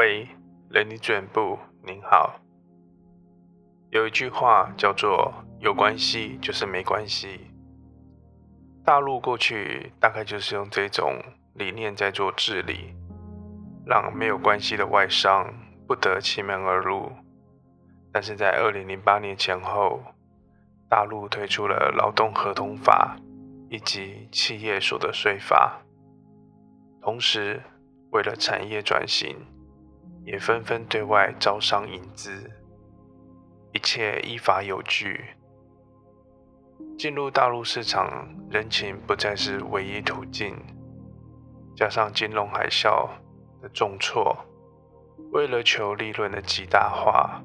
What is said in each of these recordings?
喂，人力資源部，您好。有一句話叫做“有關係就是沒關係”。大陸過去大概就是用這種理念在做治理，讓沒有關係的外商不得其門而入。但是在二零零八年前後，大陸推出了勞動合同法以及企業所得稅法，同時為了產業轉型。也紛紛對外招商引資，一切依法有據。進入大陸市場，人情不再是唯一途徑。加上金融海嘯的重挫，為了求利潤的極大化，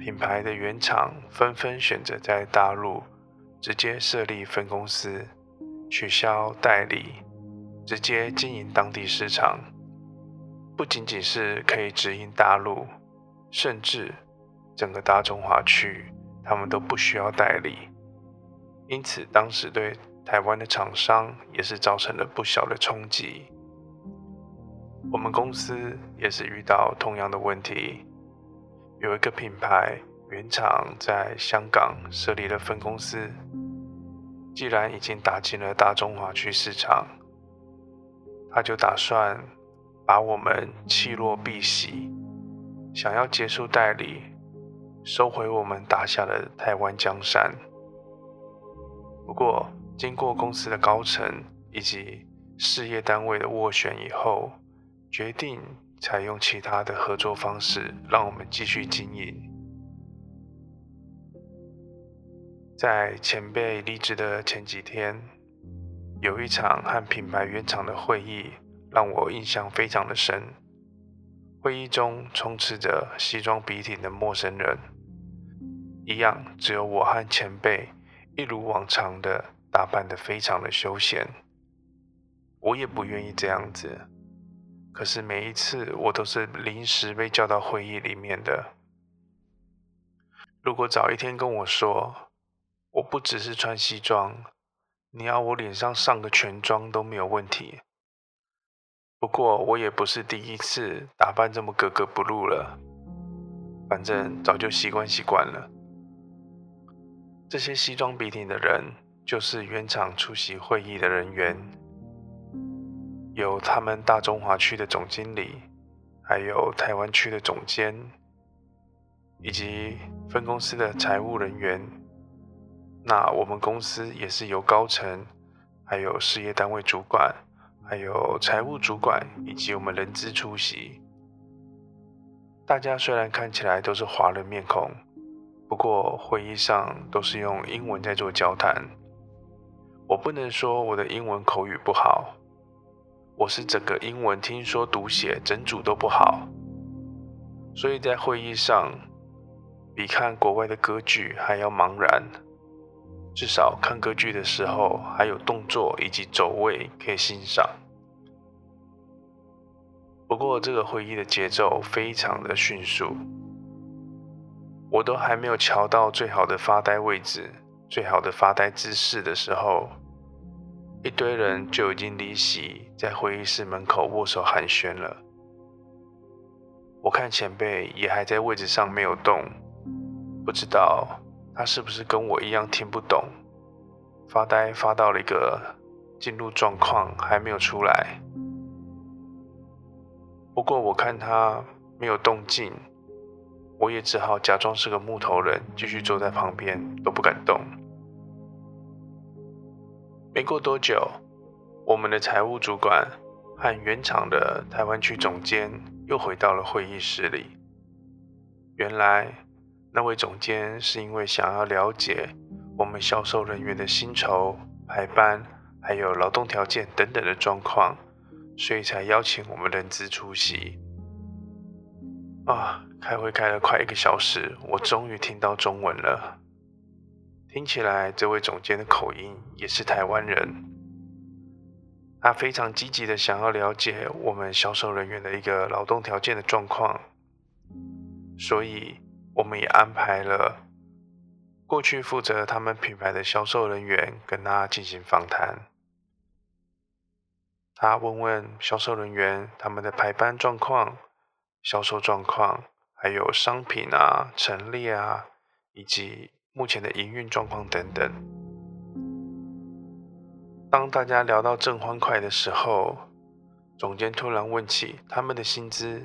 品牌的原廠紛紛選擇在大陸直接設立分公司，取消代理，直接經營當地市場。不僅僅是可以直營大陸，甚至整個大中華區，他們都不需要代理。因此，當時對台灣的廠商也是造成了不小的衝擊。我們公司也是遇到同樣的問題。有一個品牌原廠在香港設立了分公司，既然已經打進了大中華區市場，他就打算。把我們棄若敝屣，想要結束代理，收回我們打下的台灣江山。不過，經過公司的高層以及事業單位的斡旋以後，決定採用其他的合作方式，讓我們繼續經營。在前輩離職的前幾天，有一場和品牌原廠的會議。讓我印象非常的深。會議中充斥着西裝筆挺的陌生人，一樣只有我和前輩，一如往常的打扮的非常的休閒。我也不願意這樣子，可是每一次我都是臨時被叫到會議裡面的。如果早一天跟我說，我不只是穿西裝，你要我臉上上個全妝都沒有問題。不過，我也不是第一次打扮這麼格格不入了，反正早就習慣習慣了。這些西裝筆挺的人，就是原廠出席會議的人員，有他們大中華區的總經理，還有台灣區的總監，以及分公司的財務人員。那我們公司也是由高層，還有事業單位主管。還有財務主管以及我們人資出席。大家雖然看起來都是華人面孔，不過會議上都是用英文在做交談。我不能說我的英文口語不好，我是整個英文聽說讀寫整組都不好，所以在會議上比看國外的歌劇還要茫然。至少看歌劇的時候，還有動作以及走位可以欣賞。不過這個會議的節奏非常的迅速，我都還沒有瞧到最好的發呆位置、最好的發呆姿勢的時候，一堆人就已經離席，在會議室門口握手寒暄了。我看前輩也還在位置上沒有動，不知道。他是不是跟我一樣聽不懂，發呆發到了一個進入狀況，還沒有出來。不過我看他沒有動靜，我也只好假裝是個木頭人，繼續坐在旁邊都不敢動。沒過多久，我們的財務主管和原廠的台灣區總監又回到了會議室裡。原來。那位總監是因為想要了解我們銷售人員的薪酬、排班、還有勞動條件等等的狀況，所以才邀請我們人資出席。啊，開會開了快一個小時，我終於聽到中文了。聽起來這位總監的口音也是台灣人。他非常積極地想要了解我們銷售人員的一個勞動條件的狀況，所以。我們也安排了過去負責他們品牌的銷售人員跟他進行訪談。他問問銷售人員他們的排班狀況、銷售狀況，還有商品啊陳列啊，以及目前的營運狀況等等。當大家聊到正歡快的時候，總監突然問起他們的薪資。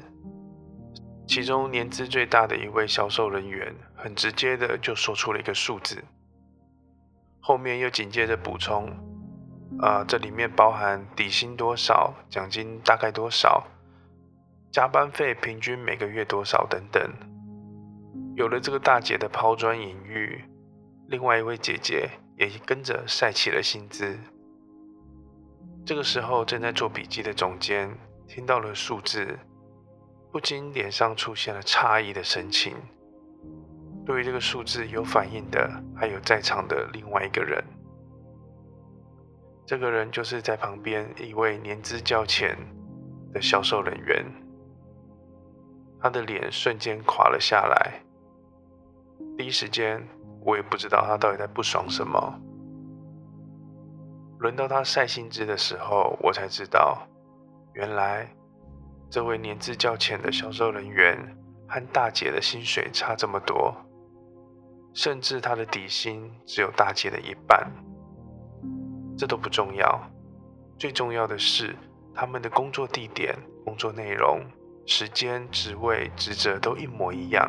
其中年資最大的一位銷售人員，很直接的就說出了一個數字，後面又緊接着補充，啊、呃，這裡面包含底薪多少，獎金大概多少，加班費平均每個月多少等等。有了這個大姐的拋磚引玉，另外一位姐姐也跟着曬起了薪資。這個時候正在做筆記的總監聽到了數字。不禁臉上出現了詫異的神情。對於這個數字有反應的，還有在場的另外一個人。這個人就是在旁邊一位年資較淺的銷售人員，他的臉瞬間垮了下來。第一時間，我也不知道他到底在不爽什麼。輪到他曬薪資的時候，我才知道，原來。這位年資較淺的銷售人員和大姐的薪水差這麼多，甚至她的底薪只有大姐的一半。這都不重要，最重要的是他們的工作地點、工作內容、時間、職位、職責都一模一樣，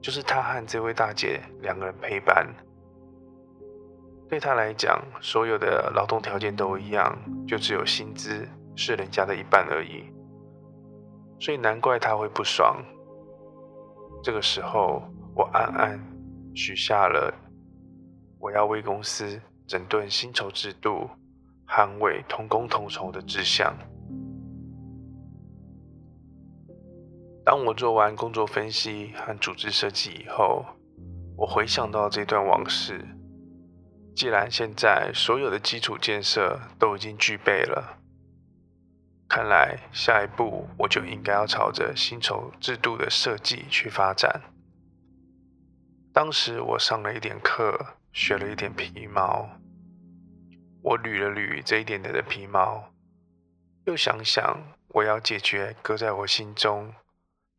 就是她和這位大姐兩個人配班。對她來講，所有的勞動條件都一樣，就只有薪資是人家的一半而已。所以難怪他會不爽。這個時候，我暗暗許下了我要為公司整頓薪酬制度、捍衛同工同酬的志向。當我做完工作分析和組織設計以後，我回想到這段往事。既然，現在所有的基礎建設都已經具備了。看來，下一步我就應該要朝着薪酬制度的設計去發展。當時我上了一點課，學了一點皮毛。我捋了捋這一點點的皮毛，又想想，我要解決擱在我心中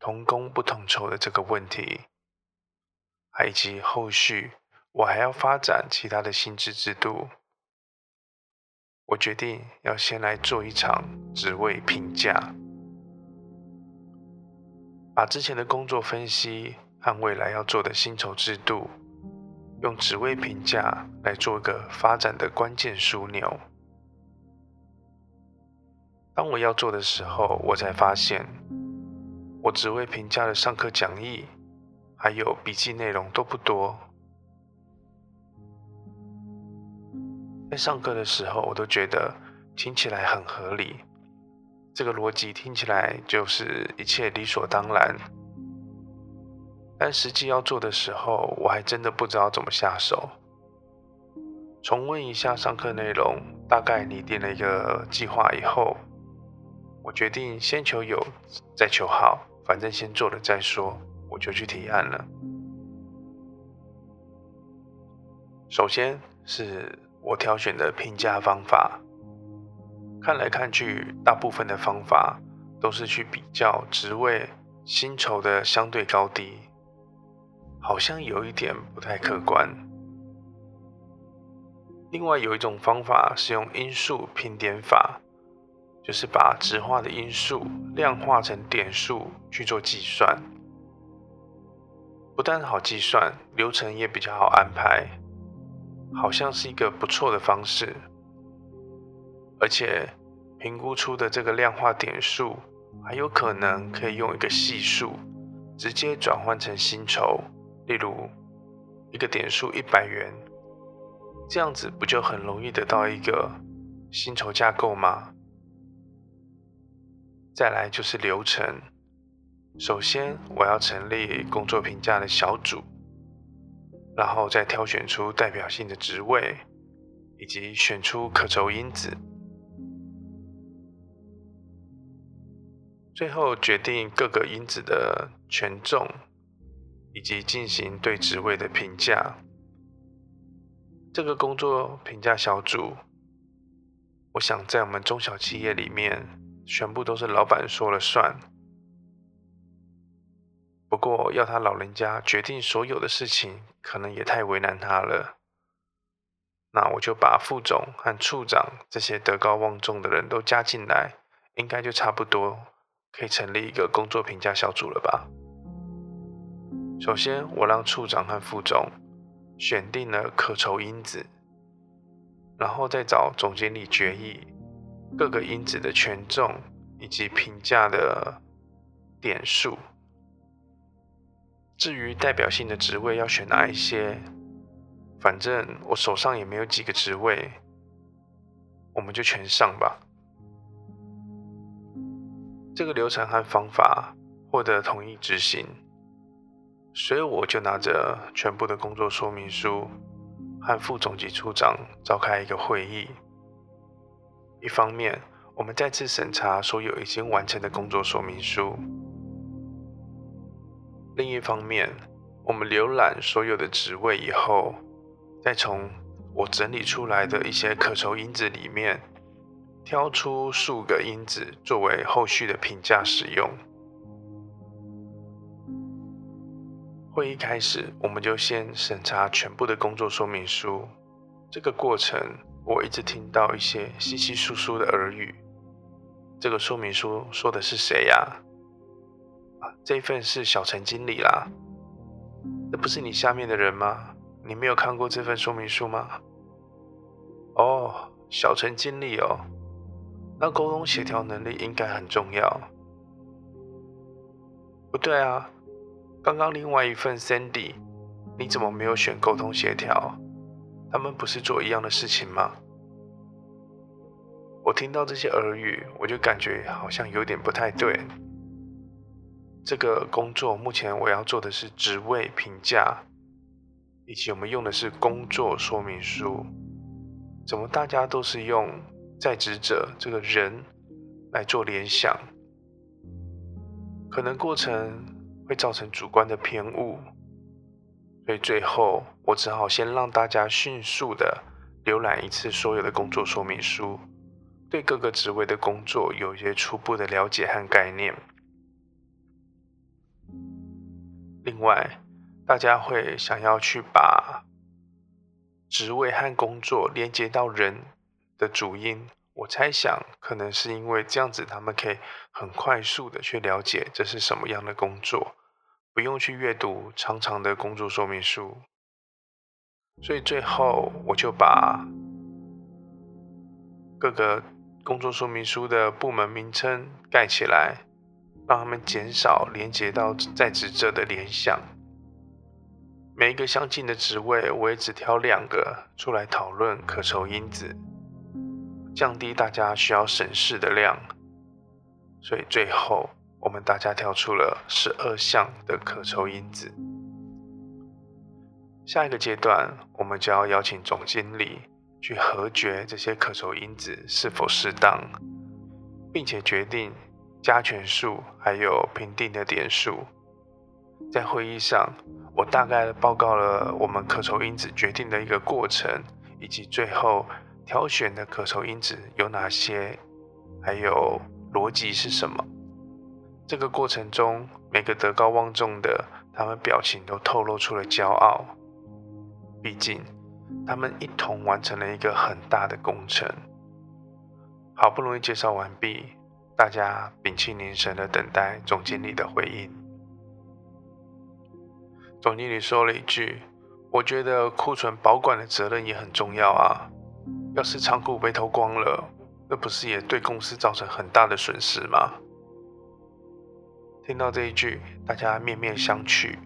同工不同酬的這個問題，還以及後續我還要發展其他的薪資制度。我決定要先來做一場職位評價，把之前的工作分析和未來要做的薪酬制度，用職位評價來做一個發展的關鍵樞紐。當我要做的時候，我才發現我職位評價的上課講義還有筆記內容都不多。在上課的時候，我都覺得聽起來很合理，這個邏輯聽起來就是一切理所當然。但實際要做的時候，我還真的不知道怎麼下手。重溫一下上課內容，大概擬定了一個計劃以後，我決定先求有，再求好，反正先做了再說，我就去提案了。首先是。我挑選的評價方法，看來看去，大部分的方法都是去比較職位薪酬的相對高低，好像有一點不太客觀。另外有一種方法是用因素評點法，就是把質化的因素量化成點數去做計算，不但好計算，流程也比較好安排。好像是一個不錯的方式，而且評估出的這個量化點數還有可能可以用一個係數直接轉換成薪酬，例如一個點數一百元，這樣子不就很容易得到一個薪酬架構嗎？再來就是流程，首先我要成立工作評價的小組。然後再挑選出代表性的職位，以及選出可酬因子，最後決定各個因子的權重，以及進行對職位的評價。這個工作評價小組，我想在我們中小企業裡面，全部都是老板說了算。不過，要他老人家決定所有的事情，可能也太為難他了。那我就把副總和處長這些德高望重的人都加進來，應該就差不多可以成立一個工作評價小組了吧。首先，我讓處長和副總選定了可酬因子，然後再找總經理決議各個因子的權重以及評價的點數。至於代表性的職位要選哪一些，反正我手上也沒有幾個職位，我們就全上吧。這個流程和方法獲得同意執行，所以我就拿着全部的工作說明書和副總級處長召開一個會議。一方面，我們再次審查所有已經完成的工作說明書。另一方面，我們瀏覽所有的職位以後，再從我整理出來的一些可酬因子裡面，挑出數個因子作為後續的評價使用。會議開始，我們就先審查全部的工作說明書。這個過程，我一直聽到一些稀稀疏疏的耳語：“這個說明書說的是誰呀？啊？”這份是小陳經理啦，那不是你下面的人嗎？你沒有看過這份說明書嗎？哦，小陳經理哦，那溝通協調能力應該很重要。不對啊，剛剛另外一份 Sandy，你怎麼沒有選溝通協調？他們不是做一樣的事情嗎？我聽到這些耳語，我就感覺好像有點不太對。這個工作目前我要做的是職位評價，以及我們用的是工作說明書。怎麼大家都是用在職者這個人來做聯想？可能過程會造成主觀的偏誤，所以最後我只好先讓大家迅速的瀏覽一次所有的工作說明書，對各個職位的工作有一些初步的了解和概念。另外，大家會想要去把職位和工作連接到人的主因，我猜想可能是因為這樣子，他們可以很快速的去了解這是什麼樣的工作，不用去閱讀長長的工作說明書。所以最後，我就把各個工作說明書的部門名稱蓋起來。讓他們減少連接到在職者的聯想。每一個相近的職位，我也只挑兩個出來討論可酬因子，降低大家需要審視的量。所以最後，我們大家挑出了十二項的可酬因子。下一個階段，我們就要邀請總經理去核決這些可酬因子是否適當，並且決定。加權數還有評定的點數，在會議上，我大概報告了我們可酬因子決定的一個過程，以及最後挑選的可酬因子有哪些，還有邏輯是什麼。這個過程中，每個德高望重的，他們表情都透露出了驕傲，畢竟他們一同完成了一個很大的工程。好不容易介紹完畢。大家屏氣凝神的等待總經理的回應。總經理說了一句：“我覺得庫存保管的責任也很重要啊，要是倉庫被偷光了，那不是也對公司造成很大的損失嗎？”聽到這一句，大家面面相覷，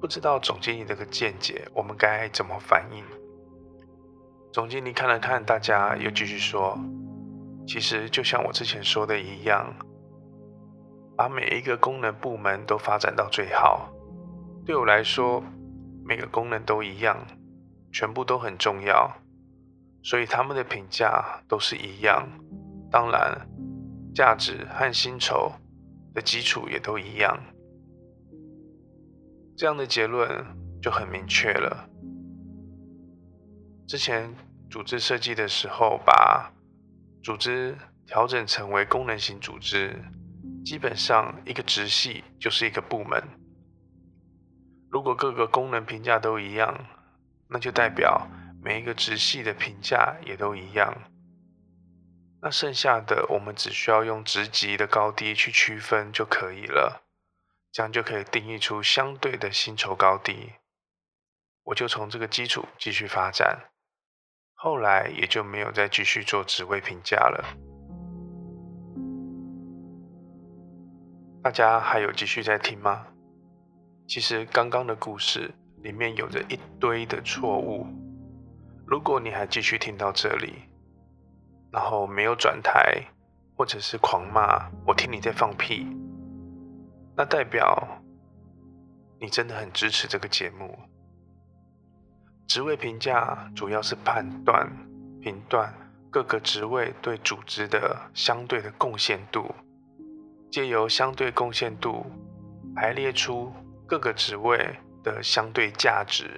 不知道總經理這個見解，我們該怎麼反應。總經理看了看大家，又繼續說。其實就像我之前說的一樣，把每一個功能部門都發展到最好。對我來說，每個功能都一樣，全部都很重要，所以他們的評價都是一樣。當然，價值和薪酬的基礎也都一樣。這樣的結論就很明確了。之前組織設計的時候把。組織調整成為功能型組織，基本上一個職系就是一個部門。如果各個功能評價都一樣，那就代表每一個職系的評價也都一樣。那剩下的我們只需要用職級的高低去區分就可以了，這樣就可以定義出相對的薪酬高低。我就從這個基礎繼續發展。後來也就沒有再繼續做職位評價了。大家還有繼續在聽嗎？其實剛剛的故事裡面有着一堆的錯誤。如果你還繼續聽到這裡，然後沒有轉台，或者是狂罵，我聽你在放屁，那代表你真的很支持這個節目。職位評價主要是判斷、評斷各個職位對組織的相對的貢獻度，借由相對貢獻度排列出各個職位的相對價值。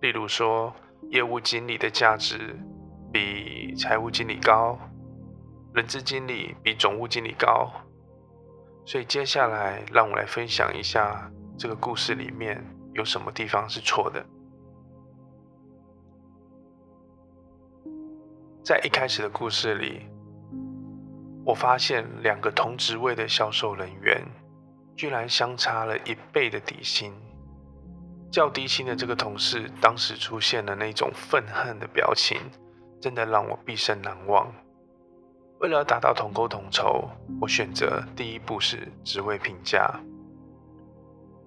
例如說，業務經理的價值比財務經理高，人資經理比總務經理高。所以接下來，讓我來分享一下這個故事裡面有什麼地方是錯的。在一開始的故事裡，我發現兩個同職位的銷售人員，居然相差了一倍的底薪。較低薪的這個同事當時出現了那種憤恨的表情，真的讓我畢生難忘。為了達到同工同酬，我選擇第一步是職位評價。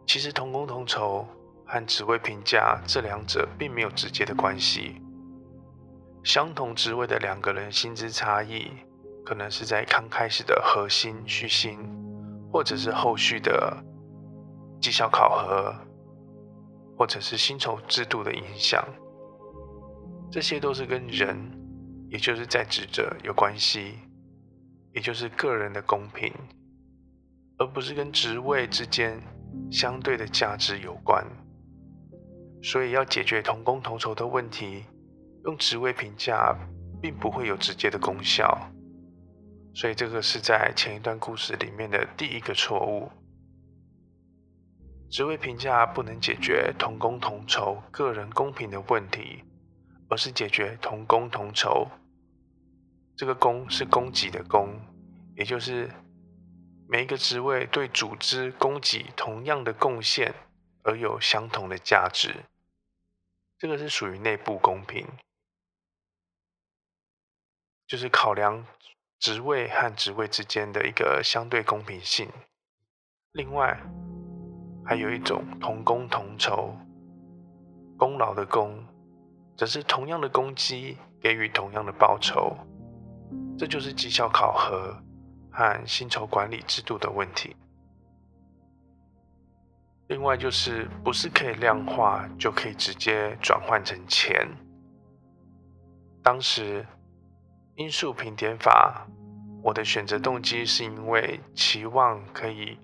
其實同工同酬和職位評價這兩者並沒有直接的關係。相同職位的兩個人薪資差異，可能是在剛開始的核薪敘薪，或者是後續的績效考核，或者是薪酬制度的影響，這些都是跟人，也就是在職者有關係，也就是個人的公平，而不是跟職位之間相對的價值有關。所以要解決同工同酬的問題，用職位評價，並不會有直接的功效，所以這個是在前一段故事裡面的第一個錯誤。職位評價不能解決同工同酬、個人公平的問題，而是解決同工同酬。這個“工”是供給的“供”，也就是每一個職位對組織供給同樣的貢獻，而有相同的價值。這個是屬於內部公平。就是考量職位和職位之間的一個相對公平性。另外，還有一種同工同酬，功勞的“功”，只是同樣的功績給予同樣的報酬。這就是績效考核和薪酬管理制度的問題。另外，就是不是可以量化就可以直接轉換成錢。當時。因素評點法，我的選擇動機是因為期望可以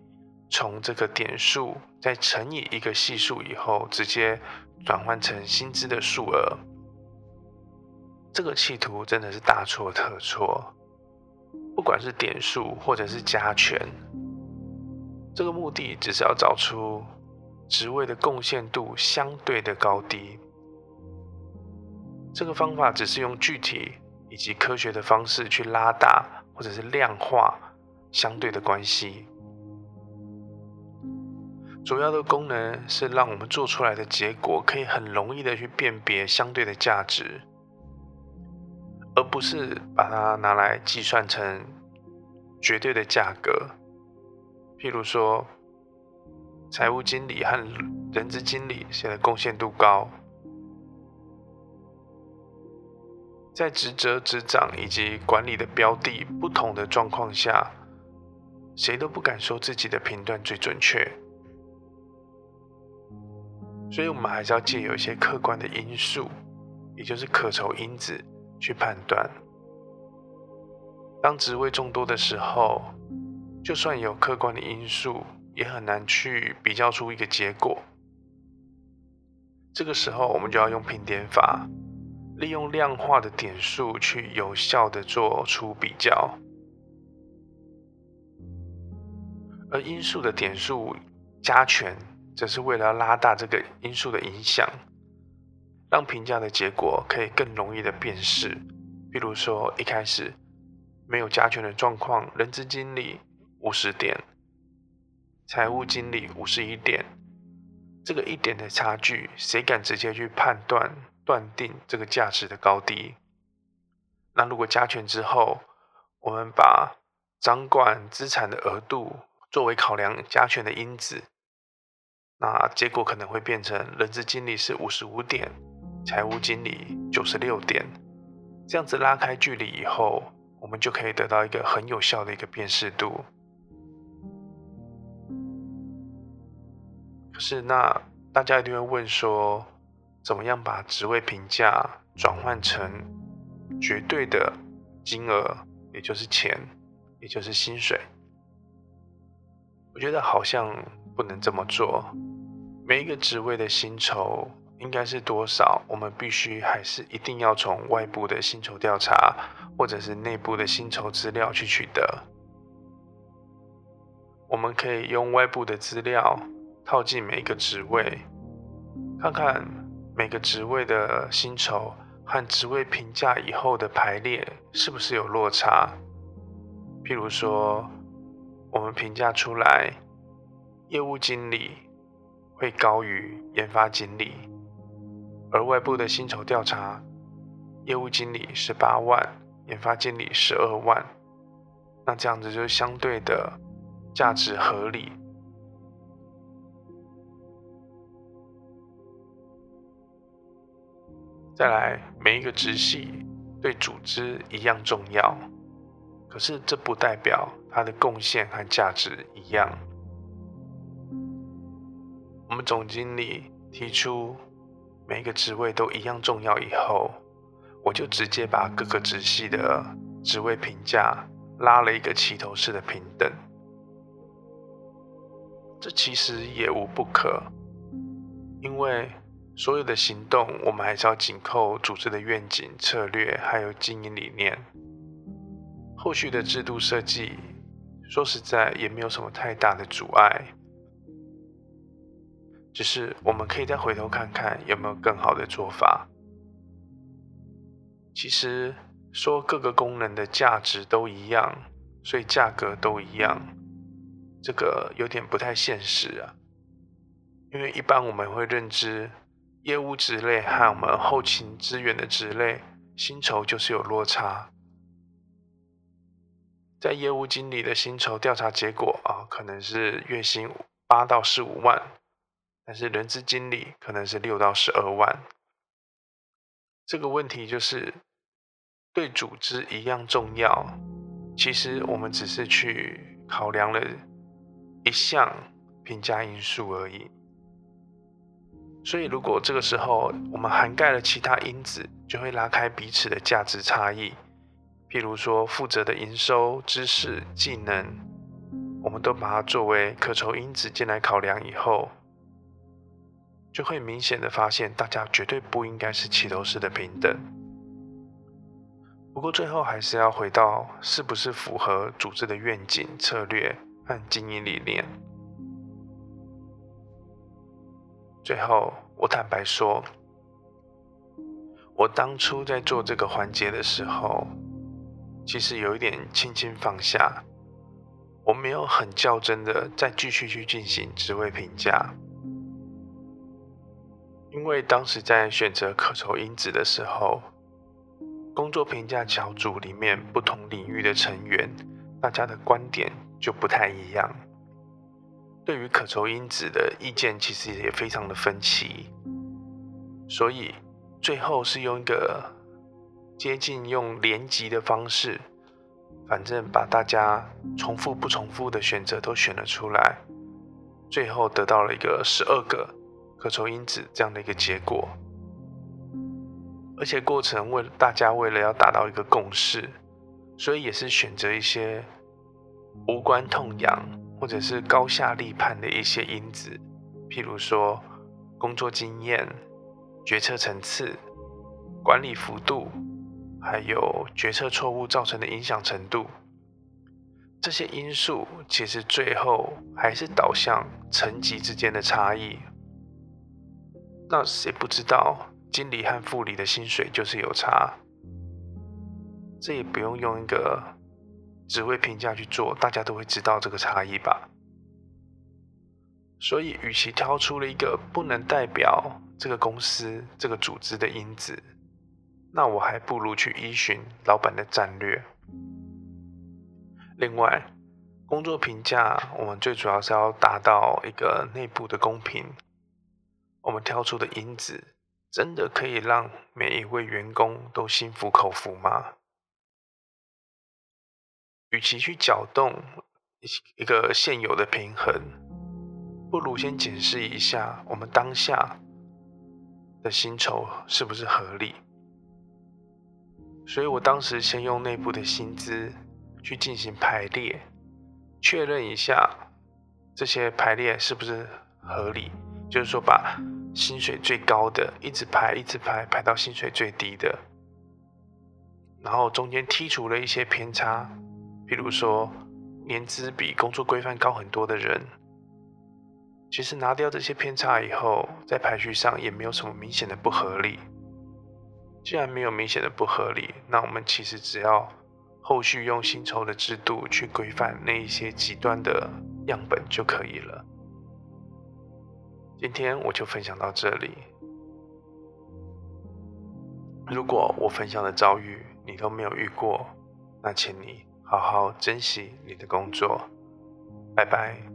從這個點數再乘以一個係數以後，直接轉換成薪資的數額。這個企圖真的是大錯特錯。不管是點數或者是加權，這個目的只是要找出職位的貢獻度相對的高低。這個方法只是用具體。以及科學的方式去拉大或者是量化相對的關係，主要的功能是讓我們做出來的結果可以很容易的去辨別相對的價值，而不是把它拿來計算成絕對的價格。譬如說，財務經理和人資經理誰的貢獻度高？在職責、職掌以及管理的標的不同的狀況下，誰都不敢說自己的評斷最準確。所以，我們還是要借有一些客觀的因素，也就是可酬因子，去判斷。當職位眾多的時候，就算有客觀的因素，也很難去比較出一個結果。這個時候，我們就要用評點法。利用量化的點數去有效地做出比較，而因素的點數加權，則是為了要拉大這個因素的影響，讓評價的結果可以更容易的辨識。譬如說，一開始沒有加權的狀況，人資經理五十點，財務經理五十一點，這個一點的差距，誰敢直接去判斷？斷定這個價值的高低。那如果加權之後，我們把掌管資產的額度作為考量加權的因子，那結果可能會變成：人力資源經理是五十五點，財務經理九十六點，這樣子拉開距離以後，我們就可以得到一個很有效的一個辨識度。可是，就是，那大家一定會問說。怎麼樣把職位評價轉換成絕對的金額，也就是錢，也就是薪水？我覺得好像不能這麼做。每一個職位的薪酬應該是多少？我們必須還是一定要從外部的薪酬調查，或者是內部的薪酬資料去取得。我們可以用外部的資料套進每一個職位，看看。每個職位的薪酬，和職位評價以後的排列是不是有落差？譬如說，我們評價出來，業務經理會高於研發經理，而外部的薪酬調查，業務經理十八萬，研發經理十二萬，那這樣子就相對的價值合理。再來，每一個職系對組織一樣重要，可是這不代表他的貢獻和價值一樣。我們總經理提出每一個職位都一樣重要以後，我就直接把各個職系的職位評價拉了一個齊頭式的平等。這其實也無不可，因為。所有的行動，我們還是要緊扣組織的願景、策略，還有經營理念。後續的制度設計，說實在也沒有什麼太大的阻礙，只是我們可以再回頭看看有沒有更好的做法。其實說各個功能的價值都一樣，所以價格都一樣，這個有點不太現實啊，因為一般我們會認知。業務職類和我們後勤資源的職類薪酬就是有落差。在業務經理的薪酬調查結果啊，可能是月薪八到十五萬，但是人資經理可能是六到十二萬。這個問題就是對組織一樣重要。其實我們只是去考量了一項評價因素而已。所以，如果這個時候我們涵蓋了其他因子，就會拉開彼此的價值差異。譬如說，負責的營收、知識、技能，我們都把它作為可酬因子進來考量以後，就會明顯的發現，大家絕對不應該是齊頭式的平等。不過，最後還是要回到是不是符合組織的願景、策略和經營理念。最後，我坦白說，我當初在做這個環節的時候，其實有一點輕輕放下，我沒有很較真的再繼續去進行職位評價，因為當時在選擇可酬因子的時候，工作評價小組裡面不同領域的成員，大家的觀點就不太一樣。對於可酬因子的意見，其實也非常的分歧，所以最後是用一個接近用聯集的方式，反正把大家重複、不重複的選擇都選了出來，最後得到了一個十二個可酬因子這樣的一個結果，而且過程為了大家為了要達到一個共識，所以也是選擇一些無關痛癢，或者是高下立判的一些因子，譬如說工作經驗、決策層次、管理幅度，還有決策錯誤造成的影響程度，這些因素其實最後還是導向層級之間的差異。那誰不知道經理和副理的薪水就是有差？這也不用用一個。職位評價去做，大家都會知道這個差異吧。所以，與其挑出了一個不能代表這個公司、這個組織的因子，那我還不如去依循老闆的戰略。另外，工作評價我們最主要是要達到一個內部的公平。我們挑出的因子，真的可以讓每一位員工都心服口服嗎？與其去攪動一一個現有的平衡，不如先檢視一下我們當下的薪酬是不是合理。所以我當時先用內部的薪資去進行排列，確認一下這些排列是不是合理，就是說把薪水最高的一直排，一直排，排到薪水最低的，然後中間剔除了一些偏差。比如說，年資比工作規範高很多的人，其實拿掉這些偏差以後，在排序上也沒有什麼明顯的不合理。既然沒有明顯的不合理，那我們其實只要後續用薪酬的制度去規範那一些極端的樣本就可以了。今天我就分享到這裡。如果我分享的遭遇你都沒有遇過，那請你。好好珍惜你的工作，拜拜。